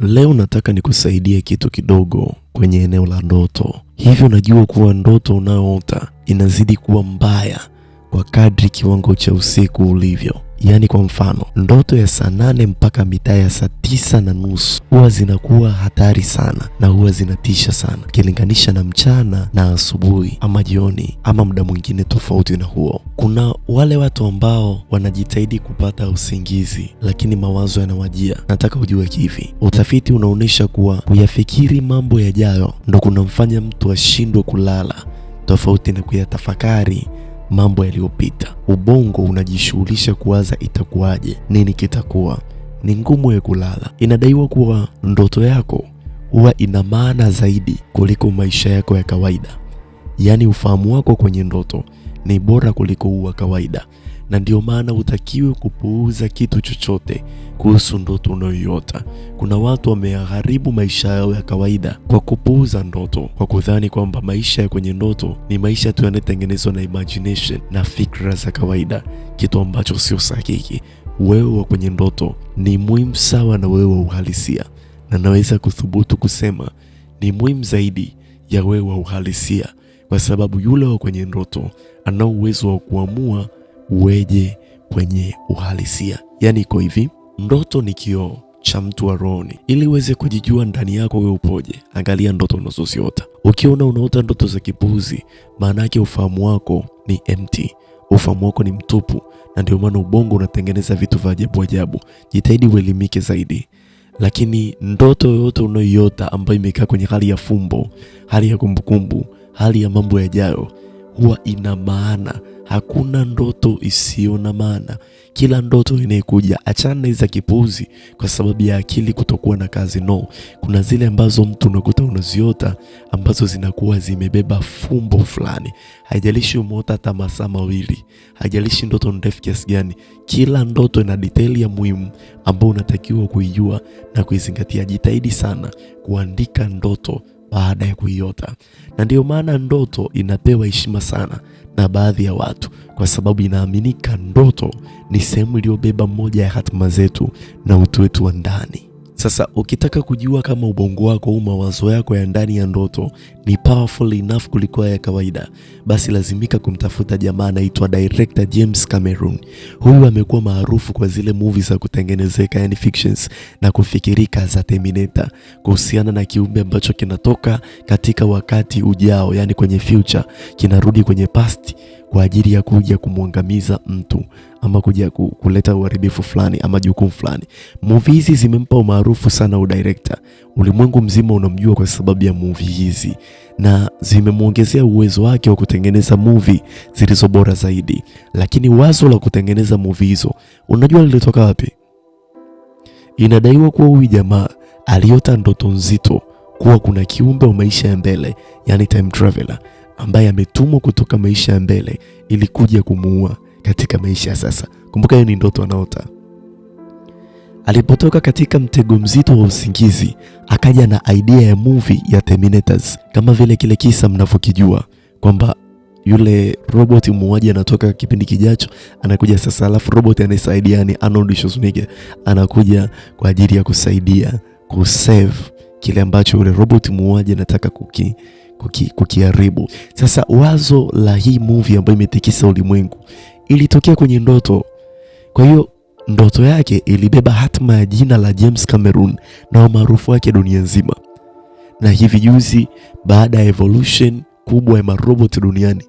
Leo nataka nikusaidie kitu kidogo kwenye eneo la ndoto. Hivyo najua kuwa ndoto unayoota inazidi kuwa mbaya kwa kadri kiwango cha usiku ulivyo. Yaani kwa mfano, ndoto ya saa nane mpaka mitaa ya saa tisa na nusu huwa zinakuwa hatari sana na huwa zinatisha sana ukilinganisha na mchana na asubuhi ama jioni ama muda mwingine tofauti na huo. Kuna wale watu ambao wanajitahidi kupata usingizi lakini mawazo yanawajia. Nataka ujue hivi, utafiti unaonyesha kuwa kuyafikiri mambo yajayo ndo kunamfanya mtu ashindwe kulala tofauti na kuyatafakari mambo yaliyopita. Ubongo unajishughulisha kuwaza itakuwaje, nini kitakuwa. Ni ngumu ya kulala. Inadaiwa kuwa ndoto yako huwa ina maana zaidi kuliko maisha yako ya kawaida, yaani ufahamu wako kwenye ndoto ni bora kuliko huu wa kawaida na ndio maana hutakiwi kupuuza kitu chochote kuhusu ndoto unayoiota. Kuna watu wameharibu maisha yao ya kawaida kwa kupuuza ndoto, kwa kudhani kwamba maisha ya kwenye ndoto ni maisha tu yanayotengenezwa na imagination na fikra za kawaida, kitu ambacho sio sahihi. Wewe wa kwenye ndoto ni muhimu sawa na wewe wa uhalisia, na naweza kuthubutu kusema ni muhimu zaidi ya wewe wa uhalisia, kwa sababu yule wa kwenye ndoto ana uwezo wa kuamua uweje kwenye uhalisia. Yaani iko hivi, ndoto ni kioo cha mtu wa rohoni. Ili uweze kujijua ndani yako wewe upoje, angalia ndoto unazoziota. Ukiona unaota ndoto za kipuzi maana yake ufahamu wako ni empty, ufahamu wako ni mtupu, na ndio maana ubongo unatengeneza vitu vya ajabu ajabu. Jitahidi uelimike zaidi. Lakini ndoto yoyote unayoiota ambayo imekaa kwenye hali ya fumbo, hali ya kumbukumbu, hali ya mambo yajayo, huwa ina maana Hakuna ndoto isiyo na maana. Kila ndoto inayokuja, achana na za kwa sababu ya akili kutokuwa na kazi. No, kuna zile ambazo mtu unakuta unaziota ambazo zinakuwa zimebeba fumbo fulani. Haijalishi umeota hata masaa mawili, haijalishi ndoto ndefu kiasi gani, kila ndoto ina detaili ya muhimu ambayo unatakiwa kuijua na kuizingatia. Jitahidi sana kuandika ndoto baada ya kuiota. Na ndiyo maana ndoto inapewa heshima sana na baadhi ya watu, kwa sababu inaaminika ndoto ni sehemu iliyobeba moja ya hatima zetu na utu wetu wa ndani. Sasa ukitaka kujua kama ubongo wako au mawazo yako ya ndani ya ndoto ni powerful enough kuliko ya kawaida, basi lazimika kumtafuta jamaa anaitwa director James Cameron. Huyu amekuwa maarufu kwa zile movies za kutengenezeka, yani fictions na kufikirika za Terminator, kuhusiana na kiumbe ambacho kinatoka katika wakati ujao, yani kwenye future kinarudi kwenye past kwa ajili ya kuja kumwangamiza mtu ama kuja kuleta uharibifu fulani ama jukumu fulani. Movie hizi zimempa umaarufu sana udirekta, ulimwengu mzima unamjua kwa sababu ya movie hizi, na zimemwongezea uwezo wake wa kutengeneza movie zilizo bora zaidi. Lakini wazo la kutengeneza movie hizo unajua lilitoka wapi? Inadaiwa kuwa huyu jamaa aliota ndoto nzito kuwa kuna kiumbe wa maisha ya mbele, yani time traveler ambaye ametumwa kutoka maisha ya mbele ili kuja kumuua katika maisha sasa. Kumbuka hiyo ni ndoto anaota. Alipotoka katika mtego mzito wa usingizi, akaja na idea ya movie ya Terminators, kama vile kile kisa mnavyokijua kwamba yule robot muuaji anatoka kipindi kijacho anakuja sasa, alafu robot anayesaidia ni Arnold Schwarzenegger anakuja kwa ajili ya kusaidia kusave kile ambacho yule robot muuaji anataka kuki kukiharibu kuki. Sasa wazo la hii movie ambayo imetikisa ulimwengu ilitokea kwenye ndoto. Kwa hiyo ndoto yake ilibeba hatima ya jina la James Cameron na umaarufu wake dunia nzima. Na hivi juzi, baada ya evolution kubwa ya marobot duniani,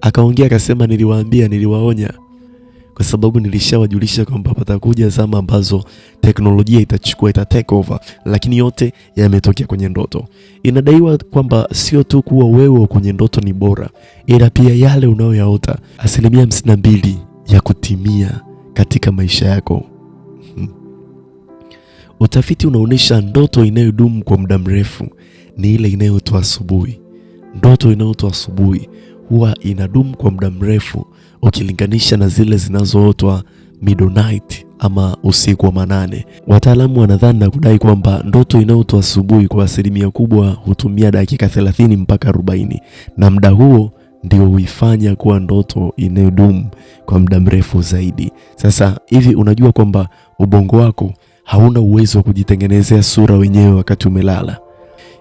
akaongea akasema, niliwaambia, niliwaonya kwa sababu nilishawajulisha kwamba patakuja zama ambazo teknolojia itachukua ita take over, lakini yote yametokea kwenye ndoto. Inadaiwa kwamba sio tu kuwa wewe kwenye ndoto ni bora, ila pia yale unayoyaota asilimia hamsini na mbili ya kutimia katika maisha yako. Hmm. Utafiti unaonyesha ndoto inayodumu kwa muda mrefu ni ile inayotoa asubuhi. Ndoto inayotoa asubuhi huwa inadumu kwa muda mrefu ukilinganisha na zile zinazootwa midnight ama usiku wa manane. Wataalamu wanadhani na kudai kwamba ndoto inayotoa asubuhi kwa asilimia kubwa hutumia dakika 30 mpaka 40, na muda huo ndio huifanya kuwa ndoto inayodumu kwa muda mrefu zaidi. Sasa hivi unajua kwamba ubongo wako hauna uwezo wa kujitengenezea sura wenyewe wakati umelala.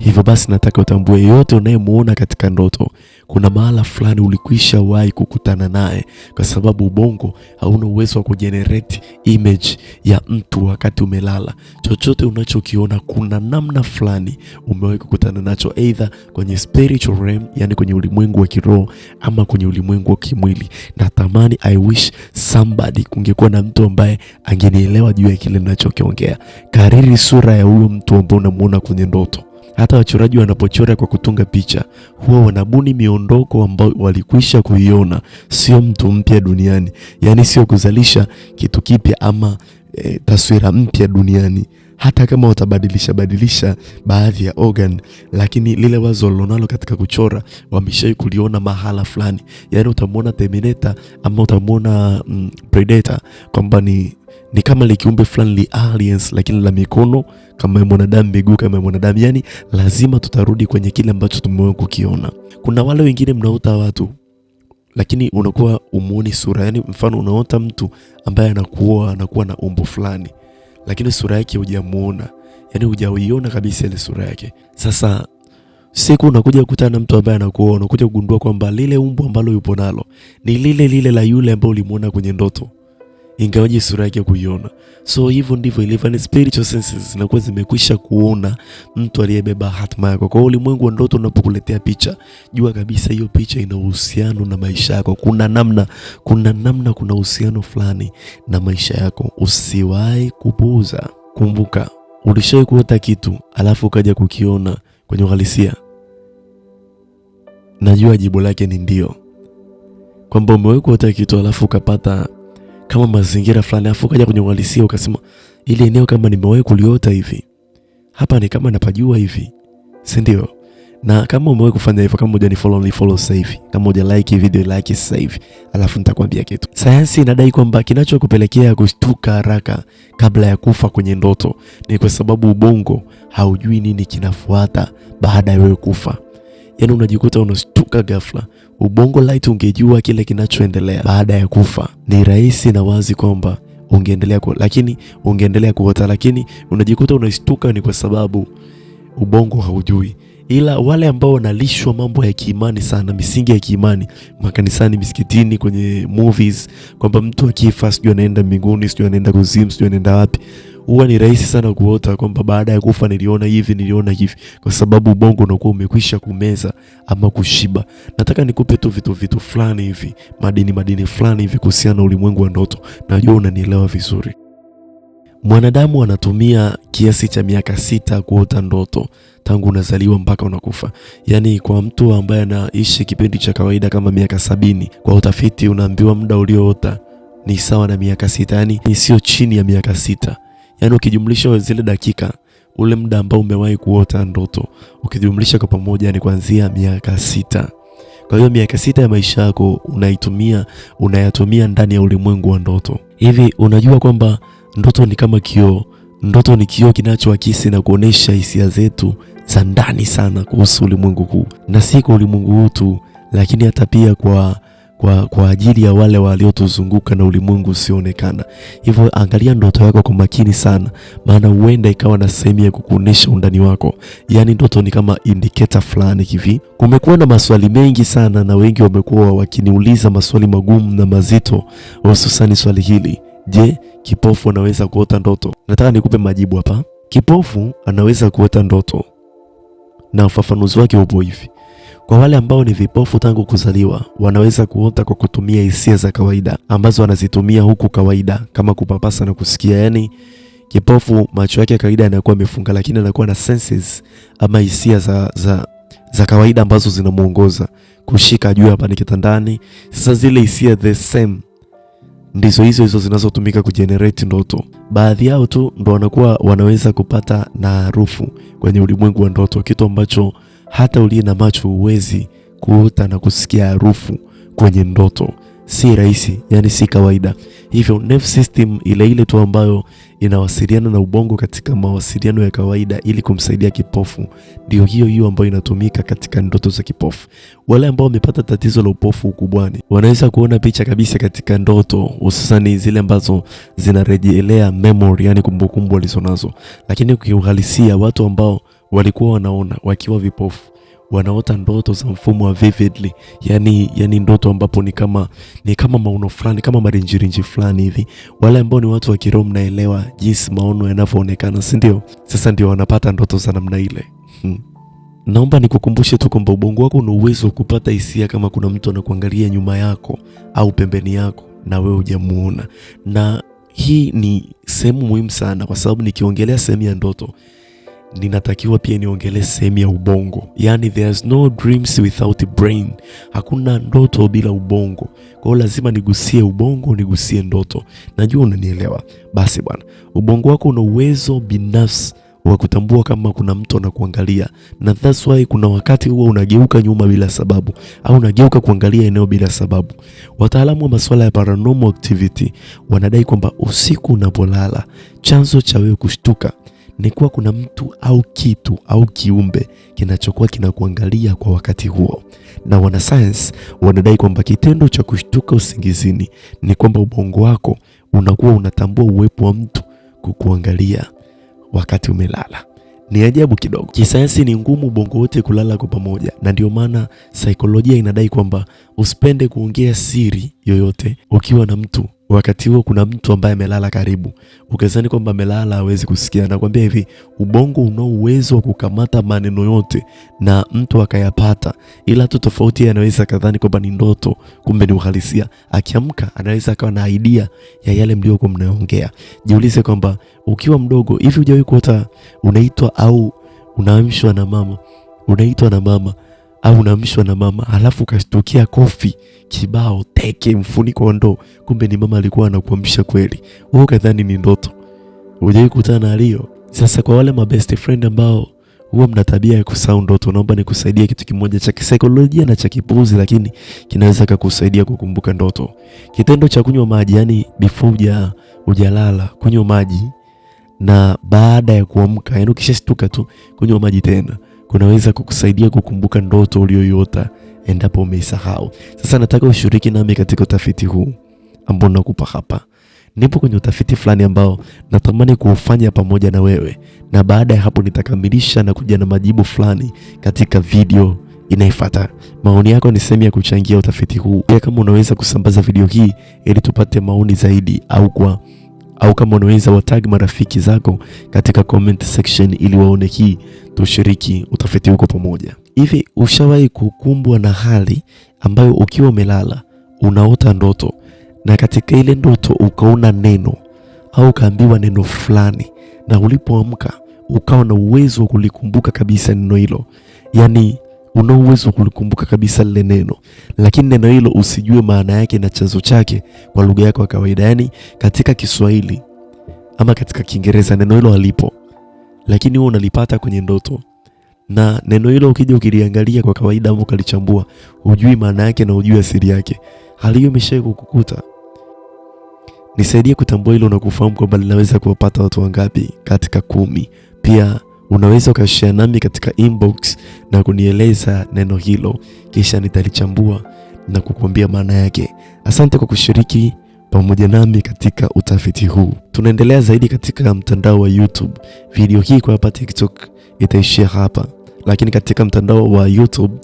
Hivyo basi nataka utambue, yeyote unayemwona katika ndoto, kuna mahala fulani ulikwisha wahi kukutana naye, kwa sababu ubongo hauna uwezo wa kujenerate image ya mtu wakati umelala. Chochote unachokiona, kuna namna fulani umewahi kukutana nacho, either kwenye spiritual realm, yani kwenye ulimwengu wa kiroho, ama kwenye ulimwengu wa kimwili. Natamani I wish somebody, kungekuwa na mtu ambaye angenielewa juu ya kile ninachokiongea. Kariri sura ya huyo mtu ambaye unamuona kwenye ndoto. Hata wachoraji wanapochora kwa kutunga picha huwa wanabuni miondoko ambayo walikwisha kuiona, sio mtu mpya duniani, yaani sio kuzalisha kitu kipya ama e, taswira mpya duniani hata kama utabadilisha badilisha baadhi ya organ, lakini lile wazo lonalo katika kuchora wameshai kuliona mahala fulani. Yani utamwona Terminator ama utamwona mm, Predator kwamba ni ni kama likiumbe fulani li aliens lakini la mikono kama mwanadamu, miguu kama mwanadamu. Yani lazima tutarudi kwenye kile ambacho tumewahi kukiona. Kuna wale wengine mnaota watu lakini unakuwa umuoni sura, yani mfano unaota mtu ambaye anakuoa anakuwa na umbo fulani lakini sura yake hujamuona, yani hujaiona kabisa ile sura yake. Sasa siku unakuja kukutana na mtu ambaye anakuona, unakuja kugundua kwamba lile umbo ambalo yupo nalo ni lile lile la yule ambaye ulimuona kwenye ndoto ingawaje sura yake kuiona. So hivyo ndivyo ilivyo, ni spiritual senses zinakuwa zimekwisha kuona mtu aliyebeba hatima yako. Kwa hiyo ulimwengu wa ndoto unapokuletea picha, jua kabisa hiyo picha ina uhusiano na maisha yako. Kuna namna, kuna namna, kuna uhusiano fulani na maisha yako, usiwahi kupuuza. Kumbuka, ulishawahi kuota kitu alafu ukaja kukiona kwenye uhalisia? Najua jibu lake ni ndio, kwamba umewahi kuota kitu alafu ukapata kama mazingira fulani, afu ukaja kwenye uhalisia ukasema ile eneo kama nimewahi kuliota hivi, hapa ni kama napajua hivi, si ndio? Na kama umewahi kufanya hivyo, kama hujani follow ni follow sasa hivi, kama huja like video like sasa hivi, alafu nitakwambia kitu. Sayansi inadai kwamba kinachokupelekea kushtuka haraka kabla ya kufa kwenye ndoto ni kwa sababu ubongo haujui nini kinafuata baada ya wewe kufa yani unajikuta unastuka ghafla. Ubongo light ungejua kile kinachoendelea baada ya kufa, ni rahisi na wazi kwamba ungeendelea kwa, lakini ungeendelea kuota, lakini unajikuta unashtuka ni kwa sababu ubongo haujui. Ila wale ambao wanalishwa mambo ya kiimani sana, misingi ya kiimani makanisani, misikitini, kwenye movies, kwamba mtu akifa sijui anaenda mbinguni, sijui anaenda kuzimu, sijui anaenda wapi huwa ni rahisi sana kuota kwamba baada ya kufa niliona hivi, niliona hivi, kwa sababu ubongo unakuwa umekwisha kumeza ama kushiba. Nataka nikupe tu vitu vitu fulani hivi, madini madini fulani hivi kuhusiana na ulimwengu wa ndoto. Najua unanielewa vizuri. Mwanadamu anatumia kiasi cha miaka sita kuota ndoto tangu unazaliwa mpaka unakufa. Yaani, kwa mtu ambaye anaishi kipindi cha kawaida kama miaka sabini, kwa utafiti unaambiwa muda ulioota ni sawa na miaka sita, yaani sio chini ya miaka sita. Yaani ukijumlisha zile dakika, ule muda ambao umewahi kuota ndoto, ukijumlisha kwa pamoja ni kuanzia miaka sita. Kwa hiyo miaka sita ya maisha yako unaitumia, unayatumia ndani ya ulimwengu wa ndoto. Hivi unajua kwamba ndoto ni kama kioo? Ndoto ni kioo kinachoakisi na kuonesha hisia zetu za ndani sana kuhusu ulimwengu huu, na si kwa ulimwengu huu tu, lakini hata pia kwa kwa, kwa ajili ya wale waliotuzunguka na ulimwengu usioonekana. Hivyo angalia ndoto yako kwa makini sana, maana huenda ikawa na sehemu ya kukuonesha undani wako. Yaani ndoto ni kama indicator fulani hivi. Kumekuwa na maswali mengi sana na wengi wamekuwa wakiniuliza maswali magumu na mazito, hususani swali hili: je, kipofu anaweza kuota ndoto? Nataka nikupe majibu hapa. Kipofu anaweza kuota ndoto na ufafanuzi wake upo hivi. Kwa wale ambao ni vipofu tangu kuzaliwa, wanaweza kuota kwa kutumia hisia za kawaida ambazo wanazitumia huku kawaida, kama kupapasa na kusikia. Yani kipofu macho yake kawaida yanakuwa amefunga, lakini anakuwa na senses ama hisia za, za, za kawaida ambazo zinamuongoza kushika, juu hapa ni kitandani. Sasa zile hisia the same ndizo hizo hizo zinazotumika kujenerate ndoto. Baadhi yao tu ndo wanakuwa wanaweza kupata na harufu kwenye ulimwengu wa ndoto, kitu ambacho hata uliye na macho huwezi kuota na kusikia harufu kwenye ndoto, si rahisi, yani si kawaida. Hivyo nerve system ile ile tu ambayo inawasiliana na ubongo katika mawasiliano ya kawaida ili kumsaidia kipofu, ndio hiyo hiyo ambayo inatumika katika ndoto za kipofu. Wale ambao wamepata tatizo la upofu ukubwani wanaweza kuona picha kabisa katika ndoto, hususani zile ambazo zinarejelea memory, yani kumbukumbu walizonazo, lakini kiuhalisia watu ambao walikuwa wanaona wakiwa vipofu, wanaota ndoto za mfumo wa vividly, yani, yani ndoto ambapo ni kama ni kama maono fulani kama marinjirinji fulani hivi. Wale ambao ni watu wa kiroho, mnaelewa jinsi maono yanavyoonekana, si ndio? Sasa ndio wanapata ndoto za namna ile hmm. Naomba nikukumbushe tu kwamba ubongo wako una uwezo wa kupata hisia kama kuna mtu anakuangalia nyuma yako au pembeni yako na wewe hujamuona, na hii ni sehemu muhimu sana, kwa sababu nikiongelea sehemu ya ndoto ninatakiwa pia niongele sehemu ya ubongo, yani there's no dreams without brain, hakuna ndoto bila ubongo. Kwa hiyo lazima nigusie ubongo, nigusie ndoto. Najua unanielewa. Basi bwana, ubongo wako una uwezo binafsi wa kutambua kama kuna mtu anakuangalia, na that's why kuna wakati huwa unageuka nyuma bila sababu, au unageuka kuangalia eneo bila sababu. Wataalamu wa masuala ya paranormal activity wanadai kwamba usiku unapolala, chanzo cha wewe kushtuka ni kuwa kuna mtu au kitu au kiumbe kinachokuwa kinakuangalia kwa wakati huo, na wanasayansi wanadai kwamba kitendo cha kushtuka usingizini ni kwamba ubongo wako unakuwa unatambua uwepo wa mtu kukuangalia wakati umelala. Ni ajabu kidogo. Kisayansi ni ngumu ubongo wote kulala kwa pamoja, na ndio maana saikolojia inadai kwamba usipende kuongea siri yoyote ukiwa na mtu Wakati huo kuna mtu ambaye amelala karibu, ukizani kwamba amelala hawezi kusikia. Nakwambia hivi, ubongo una uwezo wa kukamata maneno yote na mtu akayapata, ila tu tofauti, anaweza kadhani kwamba ni ndoto, kumbe ni uhalisia. Akiamka anaweza akawa na idea ya yale mliokuwa mnaongea. Jiulize kwamba ukiwa mdogo hivi, hujawahi kuota unaitwa au unaamshwa na mama, unaitwa na mama au unaamshwa na mama alafu ukashtukia kofi kibao teke mfuniko wa ndoo, kumbe ni mama alikuwa anakuamsha kweli, wewe kadhani ni ndoto. Hujai kutana Sasa kwa wale mabest friend ambao huwa mna tabia ya kusahau ndoto, naomba nikusaidie kitu kimoja cha kisaikolojia na cha kipuuzi, lakini kinaweza kukusaidia kukumbuka ndoto. Kitendo cha kunywa maji, yani before uja ujalala, kunywa maji na baada ya kuamka, yani ukishastuka tu kunywa maji tena kunaweza kukusaidia kukumbuka ndoto uliyoyota endapo umeisahau. Sasa nataka ushiriki nami katika utafiti huu ambao nakupa hapa. Nipo kwenye utafiti fulani ambao natamani kuufanya pamoja na wewe, na baada ya hapo nitakamilisha na kuja na majibu fulani katika video inayofuata. Maoni yako ni sehemu ya kuchangia utafiti huu. Pia kama unaweza kusambaza video hii ili tupate maoni zaidi, au kwa au kama unaweza watag marafiki zako katika comment section ili waone hii, tushiriki utafiti huko pamoja. Hivi ushawahi kukumbwa na hali ambayo ukiwa umelala unaota ndoto na katika ile ndoto ukaona neno au ukaambiwa neno fulani, na ulipoamka ukawa na uwezo wa kulikumbuka kabisa neno hilo, yaani una uwezo wa kulikumbuka kabisa lile neno, lakini neno hilo usijue maana yake na chanzo chake kwa lugha yako ya kawaida. Yaani katika Kiswahili ama katika Kiingereza neno hilo halipo, lakini wewe unalipata kwenye ndoto, na neno hilo ukija ukiliangalia kwa kawaida ama ukalichambua, hujui maana yake na hujui asili yake. Hali hiyo imeshawahi kukukuta? Nisaidie kutambua hilo na kufahamu kwamba linaweza kuwapata watu wangapi katika kumi. Pia unaweza ukashare nami katika inbox na kunieleza neno hilo, kisha nitalichambua na kukuambia maana yake. Asante kwa kushiriki pamoja nami katika utafiti huu. Tunaendelea zaidi katika mtandao wa YouTube. Video hii kwa hapa TikTok itaishia hapa, lakini katika mtandao wa YouTube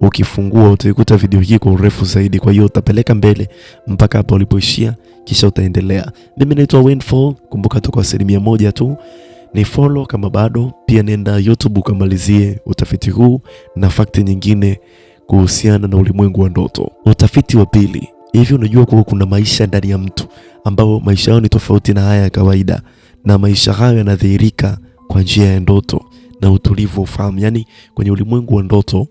ukifungua utaikuta video hii kwa urefu zaidi, kwa hiyo utapeleka mbele mpaka hapa ulipoishia, kisha utaendelea. Mimi naitwa Windfall. Kumbuka tuko asilimia moja tu ni follow kama bado, pia nenda YouTube ukamalizie utafiti huu na fakti nyingine kuhusiana na ulimwengu wa ndoto. Utafiti wa pili, hivi unajua kuwa kuna maisha ndani ya mtu ambao maisha yao ni tofauti na haya ya kawaida, na maisha hayo yanadhihirika kwa njia ya ndoto na utulivu wa ufahamu. Yaani kwenye ulimwengu wa ndoto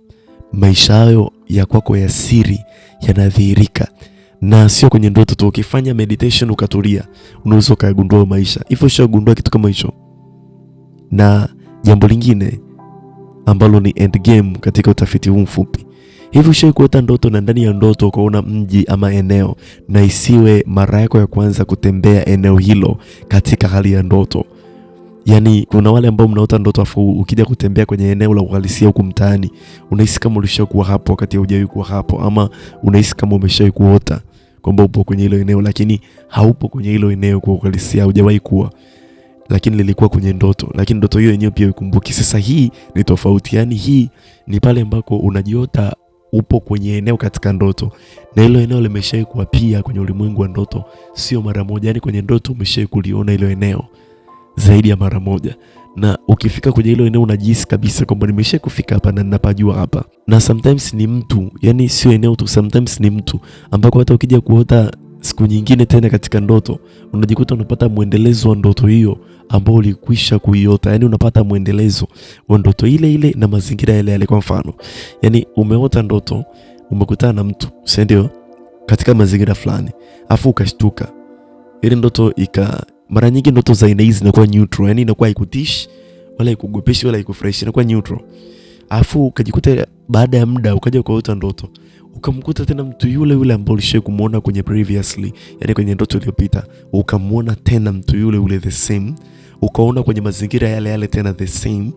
maisha hayo ya kwako ya siri yanadhihirika na sio kwenye ndoto tu. Ukifanya meditation ukatulia, unaweza ukayagundua maisha hivyo. Ushagundua kitu kama hicho? na jambo lingine ambalo ni end game katika utafiti huu mfupi. Hivi ushawahi kuota ndoto na ndani ya ndoto ukaona mji ama eneo na isiwe mara yako ya kwanza kutembea eneo hilo katika hali ya ndoto? Yaani kuna wale ambao mnaota ndoto afu ukija kutembea kwenye eneo la uhalisia huku mtaani unahisi kama ulishakuwa hapo wakati hujawahi kuwa hapo, ama unahisi kama umeshawahi kuota kwamba upo kwenye hilo eneo, lakini haupo kwenye hilo eneo kwa uhalisia, hujawahi kuwa lakini lilikuwa kwenye ndoto, lakini ndoto hiyo yenyewe pia ikumbuki Sasa hii ni tofauti, yani hii ni pale ambako unajiota upo kwenye eneo katika ndoto, na hilo eneo limeshaikuwa pia kwenye ulimwengu wa ndoto, sio mara moja. Yani kwenye ndoto umeshai kuliona hilo eneo zaidi ya mara moja, na ukifika kwenye hilo eneo unajihisi kabisa kwamba nimeshai kufika hapa na ninapajua hapa. Na sometimes ni mtu, yani sio eneo tu, sometimes ni mtu ambako hata ukija kuota siku nyingine tena katika ndoto unajikuta unapata mwendelezo wa ndoto hiyo ambao ulikwisha kuiota, yani unapata mwendelezo wa ndoto ile ile na mazingira yale yale. Kwa mfano, yani umeota ndoto umekutana na mtu, si ndio, katika mazingira fulani, afu ukashtuka, ile ndoto ika. Mara nyingi ndoto za aina hizi zinakuwa neutral, yani inakuwa haikutishi wala haikugopeshi wala haikufurahishi, inakuwa neutral. Afu ukajikuta baada ya muda ukaja ukaota ndoto ukamkuta tena mtu yule yule ambaye ulishai kumuona kwenye previously, yani kwenye ndoto iliyopita, ukamuona tena mtu yule yule the same ukaona kwenye mazingira yale yale tena the same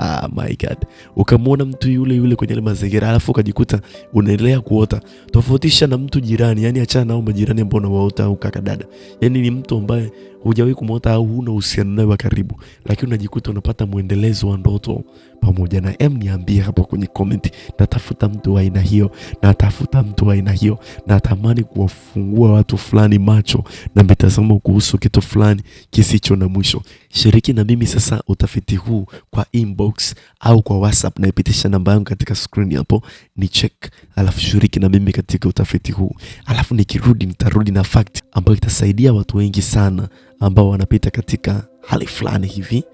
Ah, my God, ukamwona mtu yule yule kwenye ile mazingira, alafu ukajikuta unaendelea kuota. Tofautisha na mtu jirani, yani achana nao majirani ambao unawaota au kaka dada, yani ni mtu ambaye hujawahi kumwota au huna uhusiano naye wa karibu, lakini unajikuta unapata mwendelezo wa ndoto pamoja na em, niambie hapo kwenye comment, Natafuta mtu wa aina hiyo, natafuta mtu wa aina hiyo. Natamani kuwafungua watu fulani macho na mitazamo kuhusu kitu fulani kisicho na mwisho. Shiriki na mimi sasa utafiti huu kwa inbox au kwa WhatsApp, naipitisha namba yangu katika screen hapo, ni check, alafu shiriki na mimi katika utafiti huu, alafu nikirudi nitarudi na fact ambayo itasaidia watu wengi sana ambao wanapita katika hali fulani hivi.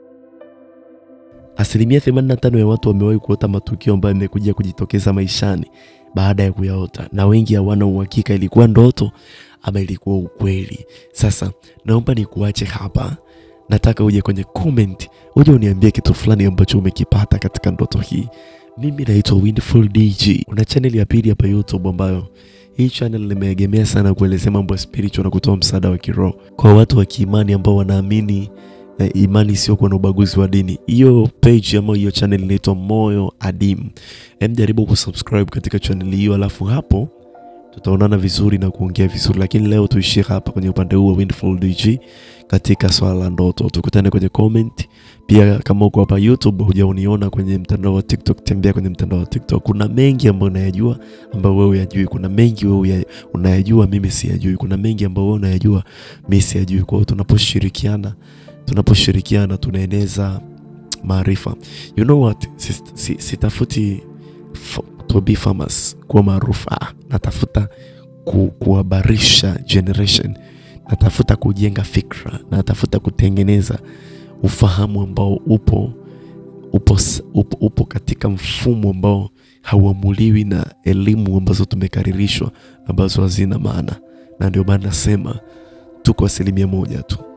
Asilimia 85 ya watu wamewahi kuota matukio ambayo yamekuja kujitokeza maishani baada ya kuyaota, na wengi hawana uhakika ilikuwa ndoto ama ilikuwa ukweli. Sasa naomba nikuache hapa, nataka uje kwenye comment, uje uniambie kitu fulani ambacho umekipata katika ndoto hii. Mimi naitwa Windful DG. Kuna channel ya pili hapa YouTube ambayo hii channel limeegemea sana kuelezea mambo ya spiritual na kutoa msaada wa kiroho kwa watu wa kiimani ambao wanaamini eh, imani isiyokuwa na ubaguzi wa dini. Hiyo page ama hiyo channel inaitwa Moyo Adimu. Hem, jaribu kusubscribe katika channel hiyo, alafu hapo tutaonana vizuri na kuongea vizuri, lakini leo tuishie hapa kwenye upande huu wa Windfall DG katika swala la ndoto. Tukutane kwenye comment. Pia kama uko hapa YouTube hujauniona kwenye mtandao wa TikTok, tembea kwenye mtandao wa TikTok. Kuna mengi ambayo unayajua ambayo wewe unayajui, kuna mengi wewe unayajua mimi siyajui, kuna mengi ambayo wewe unayajua mimi siyajui. Kwa hiyo tunaposhirikiana tunaposhirikiana tunaeneza maarifa. You know what, sitafuti to be famous, kuwa maarufu. Ah, natafuta ku, kuhabarisha generation, natafuta kujenga fikra, natafuta kutengeneza ufahamu ambao upo upo, upo, upo katika mfumo ambao hauamuliwi na elimu ambazo tumekaririshwa ambazo hazina maana, na ndio maana nasema tuko asilimia moja tu.